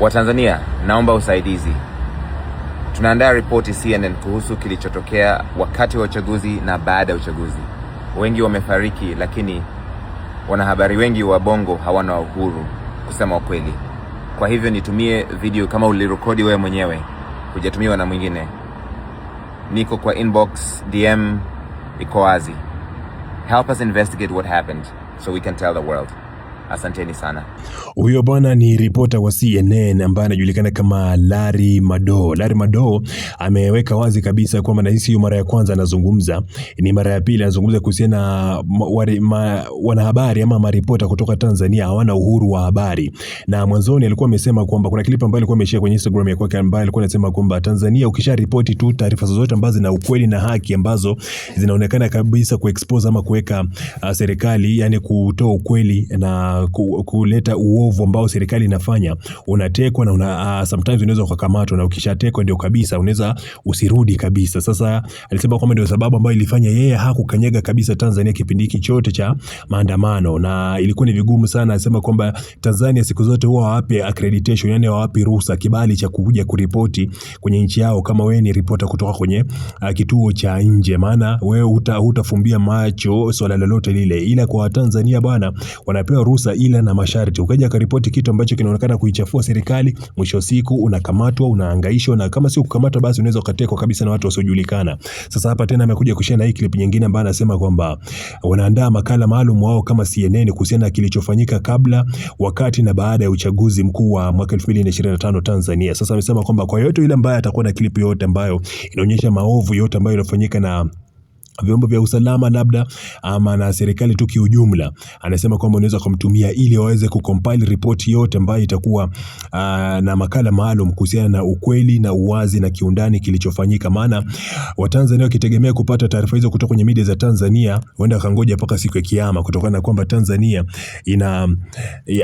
Watanzania, naomba usaidizi. Tunaandaa ripoti CNN kuhusu kilichotokea wakati wa uchaguzi na baada ya uchaguzi. Wengi wamefariki, lakini wanahabari wengi wa Bongo hawana uhuru kusema ukweli. Kwa hivyo nitumie video kama ulirekodi wewe mwenyewe, hujatumiwa na mwingine. Niko kwa inbox, DM iko wazi. Help us investigate what happened so we can tell the world. Asanteni sana. Huyo bwana ni ripota wa CNN ambaye anajulikana kama Larry Mado. Larry Mado ameweka wazi kabisa kwamba na hii sio mara ya kwanza anazungumza, ni mara ya pili anazungumza kuhusiana na ma, ma, wanahabari ama maripota kutoka Tanzania hawana uhuru wa habari. Na mwanzoni alikuwa amesema kwamba kuna clip ambayo alikuwa ameshare kwenye Instagram ya kwake ambayo alikuwa anasema kwamba Tanzania ukisha ripoti tu taarifa zozote ambazo zina ukweli na haki ambazo zinaonekana kabisa kuexpose ama kuweka uh, serikali yani kutoa ukweli na na kuleta uovu ambao serikali inafanya, unatekwa na una, uh, sometimes unaweza ukakamatwa, na ukishatekwa ndio kabisa unaweza usirudi kabisa. Sasa alisema kwamba ndio sababu ambayo ilifanya yeye hakukanyaga kabisa Tanzania kipindi hiki chote cha maandamano, na ilikuwa ni vigumu sana. Alisema kwamba Tanzania siku zote huwa wapi accreditation, yani wapi ruhusa, kibali cha kuja kuripoti kwenye nchi yao kama wewe ni ripota kutoka kwenye uh, kituo cha nje, maana wewe hutafumbia macho swala lolote lile, ila kwa Tanzania bwana wanapewa ruhusa za ila na masharti. Ukaja akaripoti kitu ambacho kinaonekana kuichafua serikali, mwisho siku unakamatwa, unahangaishwa, na kama sio kukamatwa, basi unaweza ukatekwa kabisa na watu wasiojulikana. Sasa hapa tena amekuja kushare na hii clip nyingine ambayo anasema kwamba wanaandaa makala maalum wao kama CNN kuhusiana na kilichofanyika kabla, wakati na baada ya uchaguzi mkuu wa mwaka 2025 Tanzania. Sasa amesema kwamba kwa yote ile ambayo atakuwa na clip yote ambayo inaonyesha maovu yote ambayo yalifanyika na vyombo vya usalama labda ama na serikali tu kiujumla. Anasema kwamba unaweza kumtumia ili waweze kucompile ripoti yote ambayo itakuwa uh, na makala maalum kuhusiana na ukweli na uwazi na kiundani kilichofanyika, maana Watanzania wakitegemea kupata taarifa hizo kutoka kwenye media za Tanzania huenda kangoja mpaka siku ya Kiyama, kutokana na kwamba Tanzania ina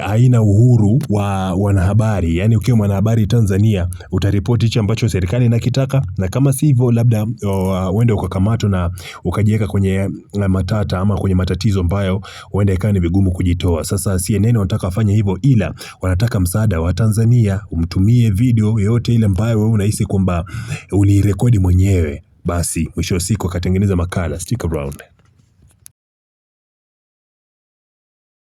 haina uhuru wa wanahabari. Yani ukiwa mwanahabari Tanzania utaripoti hicho ambacho serikali inakitaka, na kama sivyo, labda oh, uende ukakamatwa na ukajiweka kwenye eh, matata ama kwenye matatizo ambayo huenda ikawa ni vigumu kujitoa. Sasa CNN wanataka wafanye hivyo, ila wanataka msaada wa Tanzania, umtumie video yoyote ile ambayo wewe unahisi kwamba ulirekodi mwenyewe. Basi mwisho wa siku akatengeneza makala Stick around.